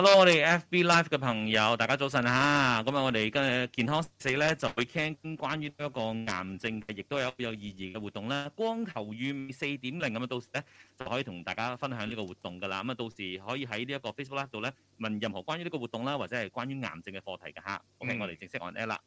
hello，我哋 FB Live 嘅朋友，大家早晨嚇。咁啊，我哋今日健康四咧，就會傾關於一個癌症嘅，亦都有一個有意義嘅活動啦。光頭與美四點零。咁啊，到時咧就可以同大家分享呢個活動噶啦。咁啊，到時可以喺呢一個 Facebook Live 度咧問任何關於呢個活動啦，或者係關於癌症嘅課題嘅吓。OK，、嗯、我哋正式 on L 啦。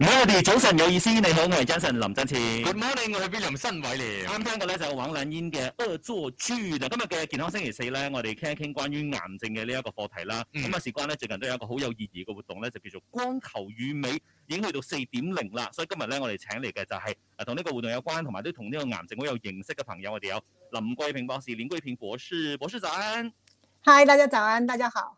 m o r n 早晨有意思，你好，我係張晨林振志。Good morning，我去邊度新位嚟。啱聽過咧就王冷煙嘅《惡作劇》今日嘅健康星期四咧，我哋傾一傾關於癌症嘅呢一個課題啦。咁、嗯、啊，事關咧最近都有一個好有意義嘅活動咧，就叫做光頭與美已經去到四點零啦。所以今日咧，我哋請嚟嘅就係誒同呢個活動有關，同埋都同呢個癌症好有認識嘅朋友，我哋有林桂平博士、林桂平博士博士長。Hi，大家早安，大家好。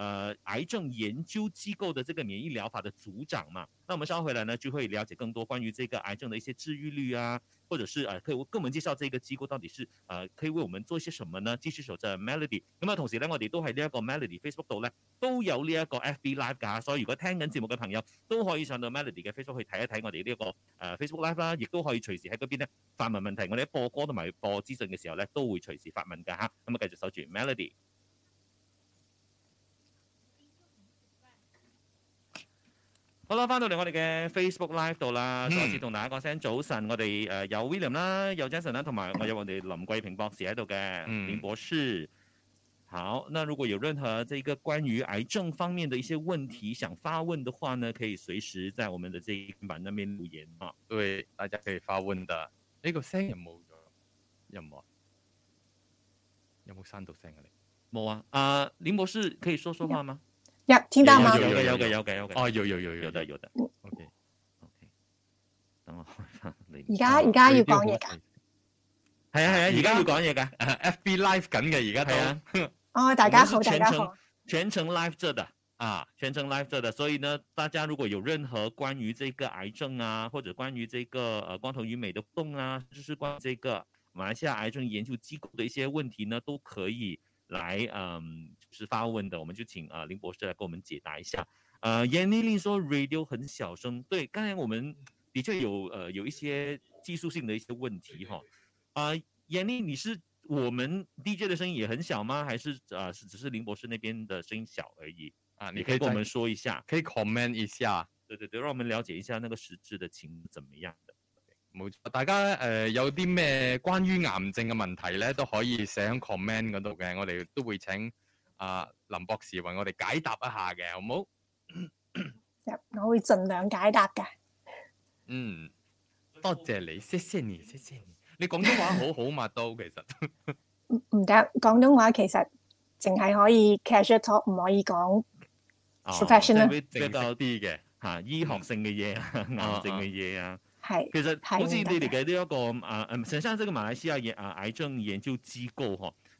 誒、呃，癌症研究機構的這個免疫療法的組長嘛，那我們稍後回來呢，就會了解更多關於這個癌症的一些治愈率啊，或者是，啊、可以我跟我們介紹這個機構到底是誒，啊，可以為我們做一些什麼呢？繼續守住 Melody，咁啊，同時呢，我哋都喺呢一個 Melody Facebook 度咧，都有呢一個 FB Live 噶，啊，所以如果聽緊節目嘅朋友，都可以上到 Melody 嘅 Facebook 去睇一睇我哋呢一個誒 Facebook Live 啦，亦都可以隨時喺嗰邊呢發問問題，我哋播歌同埋播資訊嘅時候咧，都會隨時發問噶吓，咁啊，繼續守住 Melody。好啦，翻到嚟我哋嘅 Facebook Live 度啦，再次同大家講聲早晨。我哋誒、呃、有 William 啦，有 Jason 啦，同埋我有我哋林桂平博士喺度嘅林博士。好，那如果有任何呢個關於癌症方面的一些問題想發問的話呢，可以隨時在我們的這一版入面留言啊，對，對，大家可以發問的。呢、這個聲又冇咗，有冇有冇閂到聲啊你？冇啊，啊、呃、林博士可以說說話嗎？Yeah. 入、yeah, 聽到嗎？有嘅有嘅有嘅哦有有，有有有有的有嘅、哦。O K O K，等我開翻。而家而家要講嘢噶，係啊係啊，而家要講嘢噶。F B Live 緊嘅，而家係啊。哦，大家好，大家好。全程 live 着的啊，全程 live 着的。所以呢，大家如果有任何關於這個癌症啊，或者關於這個呃光頭與美的動啊，就是關於這個馬來西亞癌症研究機構的一些問題呢，都可以來嗯。是發問的，我們就請啊、呃、林博士來給我們解答一下。呃，嚴麗麗說 radio 很小聲，對，剛才我們的確有呃有一些技術性的一些問題哈。啊，嚴 麗，呃、 Yanny, 你是我們 DJ 的聲音也很小嗎？還是啊是、呃、只是林博士那邊的聲音小而已啊？你可以你跟我們說一下，可以 comment 一下，對對對，讓我們了解一下那個實質的情怎麼樣的。o 大家呃有啲咩關於癌症嘅問題呢，都可以寫 comment 嗰度嘅，我哋都會請。啊，林博士為我哋解答一下嘅，好唔好？ 我會盡量解答嘅。嗯，多謝你，謝謝你，謝謝你。你廣東話好好嘛，都 其實唔得。廣、 嗯、東話其實淨係可以 casual talk，唔可以講 professional。比較啲嘅吓，醫學性嘅嘢，癌症嘅嘢啊，係。其實好似你哋嘅呢一個啊，嗯，西啊哦啊、實際上、啊啊、這個馬來西亞啊癌症研究之高。嗬、嗯。啊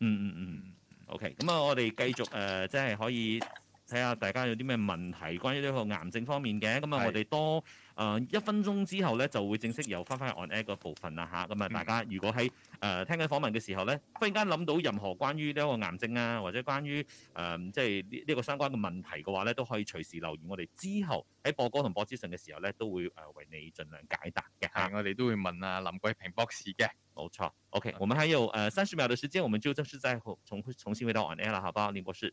嗯嗯嗯，OK，咁啊，我哋繼續誒，即係可以。睇下大家有啲咩問題關於呢個癌症方面嘅，咁啊我哋多、呃、一分鐘之後咧就會正式又翻返去 on air 個部分啦嚇，咁啊大家如果喺誒、嗯呃、聽緊訪問嘅時候咧，忽然間諗到任何關於呢個癌症啊，或者關於誒即係呢個相關嘅問題嘅話咧，都可以隨時留言我哋，之後喺播歌同播資訊嘅時候咧，都會誒、呃、為你盡量解答嘅嚇。我哋都會問阿、啊、林桂平博士嘅，冇錯。Okay, OK，我們還有誒三十秒嘅時間，我們就正式再重重，重新回到 on air 啦，好吧？林博士。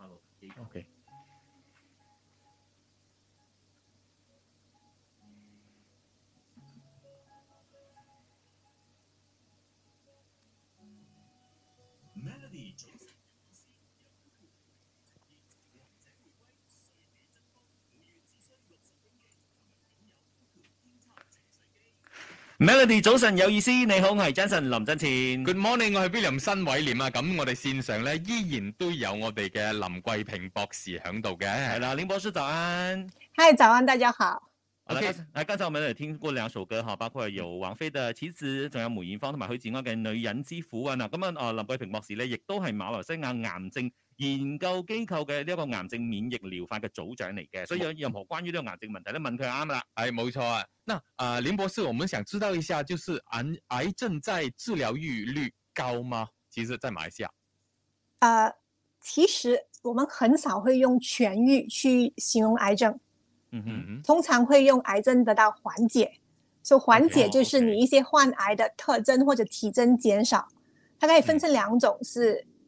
Melody 早晨有意思，你好，我係 Jason 林振前。Good morning，我係 William 新偉廉啊！咁我哋線上咧依然都有我哋嘅林桂平博士喺度嘅。係啦，林博士早安。Hi，早安，大家好。OK，誒，剛才我哋有聽過兩首歌哈，包括有王菲的《棋子》還，仲有梅艷芳同埋許志安嘅《女人之苦》啊！嗱、呃，咁啊，啊林桂平博士咧，亦都係馬來西亞癌症研究機構嘅呢一個癌症免疫療法嘅組長嚟嘅，所以有任何關於呢個癌症問題咧，問佢啱啦。係冇錯啊。嗱，誒、呃，林博士，我們想知道一下,就是癌癌症在治療愈率高嗎？其實在，在馬來西亞。誒，其實我們很少會用痊愈去形容癌症、嗯。通常會用癌症得到緩解，所以緩解就是你一些患癌的特徵或者體徵減少。它可以分成兩種、嗯、是。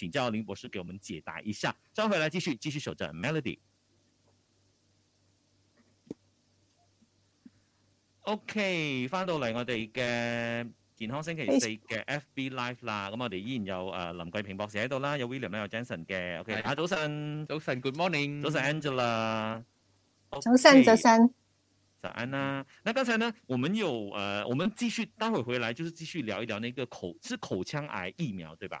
請教林博士給我們解答一下。稍回來繼續，繼續守着 Melody。OK，翻到嚟我哋嘅健康星期四嘅 FB Live 啦。咁、哎、我哋依然有誒、呃、林桂平博士喺度啦，有 William 有 Jason 嘅。OK，、哎、啊，早晨，早晨，Good morning，早晨，Angela，早晨，早晨，Angela、okay, 早，晨早安啦、啊。嗱，剛才呢，我們有誒、呃，我們繼續，待會回來就是繼續聊一聊那個口，是口腔癌疫苗，對吧？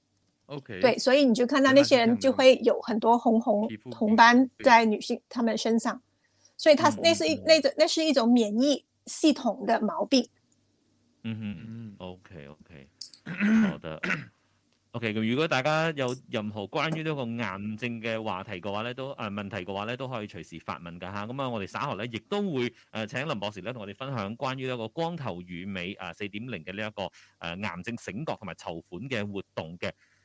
Okay，對，所以你就看到那些人就會有很多紅紅同斑在女性他們身上，嗯、所以他那是一那那是一種免疫系統的毛病。嗯哼，OK OK，好的 ，OK 咁如果大家有任何關於呢個癌症嘅話題嘅話咧，都誒、啊、問題嘅話咧都可以隨時發問噶吓，咁啊我哋稍後咧亦都會誒請林博士咧同我哋分享關於一個光頭與美啊四點零嘅呢一個誒癌症醒覺同埋籌款嘅活動嘅。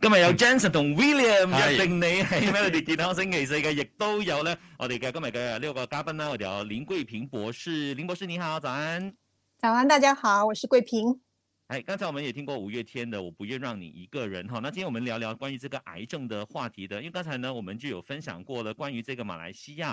今日有 Jenson 同 William 約、哎、定你係 MELODY 健康星期四嘅，亦都有咧我哋嘅今日嘅呢個嘉賓啦，我哋有林桂平博士，林博士你好，早安。早安，大家好，我是桂平。誒、哎，剛才我們也聽過五月天的我不願讓你一個人，哈、哦，那今天我們聊聊關於這個癌症的話題的，因為剛才呢，我們就有分享過了關於這個馬來西亞。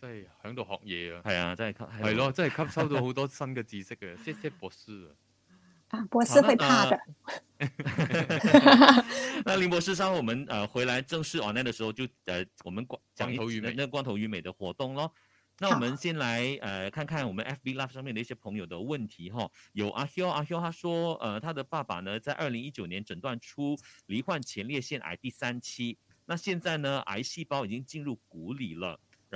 即係喺度學嘢啊，係 啊，真係吸係咯，真係吸收到好多新嘅知識嘅，謝 謝博士啊,啊，博士會怕嘅。啊那,呃、 那林博士，稍後我們誒回來正式 online 的時候，就誒、呃、我們光光頭與美，那個、光頭與美的活動咯。那我們先來誒、呃、看看我們 FB Love 上面的一些朋友的問題哈。有阿 hil 阿 hil，他說，誒、呃、他的爸爸呢，在二零一九年診斷出罹患前列腺癌第三期，那現在呢，癌細胞已經進入骨裡了。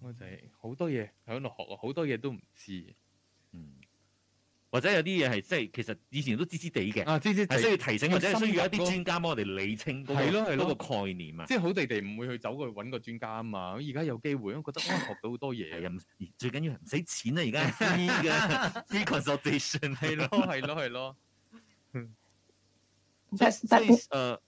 我就係好多嘢響度學，好多嘢都唔知，嗯，或者有啲嘢係即係其實以前都、啊、知知地嘅，啊知知需要提醒要或者需要一啲專家幫我哋理清嗰、嗰個嗰、嗰個概念啊，即係好地地唔會去走去搵個專家啊嘛，咁而家有機會，我覺得我可學到好多嘢，最緊要係唔使錢啊而家 free consultation 係咯係咯係咯，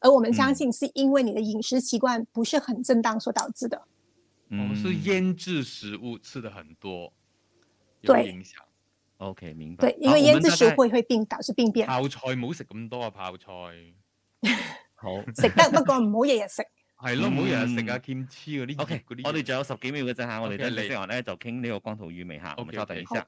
而我們相信，是因為你的飲食習慣不是很正當所導致的。我、嗯、們、哦、是醃製食物吃得很多，對影響。OK，明白。對，因為醃製食物會，會病，導致病變。啊、看看泡菜唔好食咁多啊！泡菜， 好，食得不過唔好日日食。係 咯，唔好日日食噶，醃黐嗰啲。OK，我哋仲有十幾秒嘅陣吓，okay, 我哋咧，主食完咧就傾呢個光頭與美吓，okay, okay, 我哋稍等一下。Okay, okay,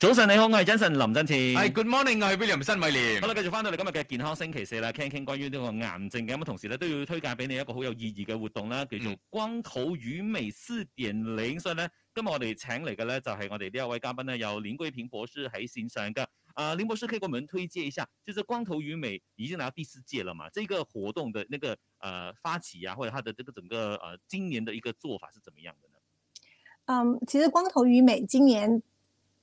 早晨，你好，我係 Jason 林振慈。Hi Good morning，我係 William 新米廉。好啦，繼續翻到嚟今日嘅健康星期四啦，傾一傾關於呢個癌症嘅，咁同時咧都要推介俾你一個好有意義嘅活動啦，叫做光頭與美四點零。Mm. 所以咧，今日我哋請嚟嘅咧就係、是、我哋呢一位嘉賓咧，有林桂平博士喺線上嘅。啊、呃，林博士可以給我們推介一下，就是光頭與美已經嚟到第四屆啦嘛，這個活動的那個誒、呃、發起啊，或者它的這個整個誒、呃、今年的一個做法是怎麼樣的呢？嗯、um，其實光頭與美今年。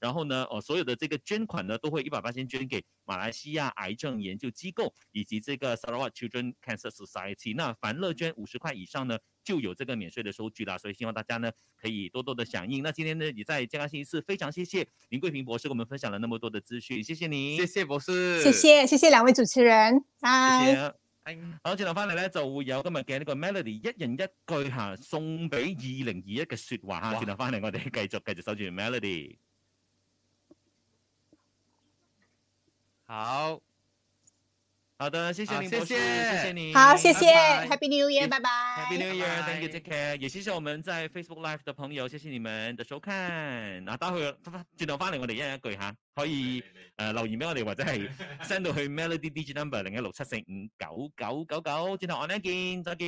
然後呢，哦，所有的這個捐款呢，都會一百巴仙捐給馬來西亞癌症研究機構以及這個 Sarawak Children Cancer Society。那凡樂捐五十塊以上呢，就有這個免稅的收據啦。所以希望大家呢，可以多多的響應。那今天呢，也在健康星期四，非常謝謝林桂平博士跟我們分享了那麼多的資訊，謝謝你。謝謝博士。謝謝，謝謝兩位主持人。拜謝謝、啊。好，轉頭返嚟來找吳那個、Meganical、Melody 一人一句哈，送俾二零二一嘅說話哈。轉頭返嚟，我哋繼續繼續守住 Melody。好，好的，謝謝你，謝謝你，好，謝謝，Happy New Year，拜拜，Happy New Year，Thank you，take care，也謝謝我們在 Facebook Live 的朋友，謝謝你們的收看，嗱，得去，轉頭翻嚟，我哋一人一句吓，可以誒留言俾我哋或者係 send 到去 Melody DJ number 零一六七四五九九九九，轉頭我哋再見，再見。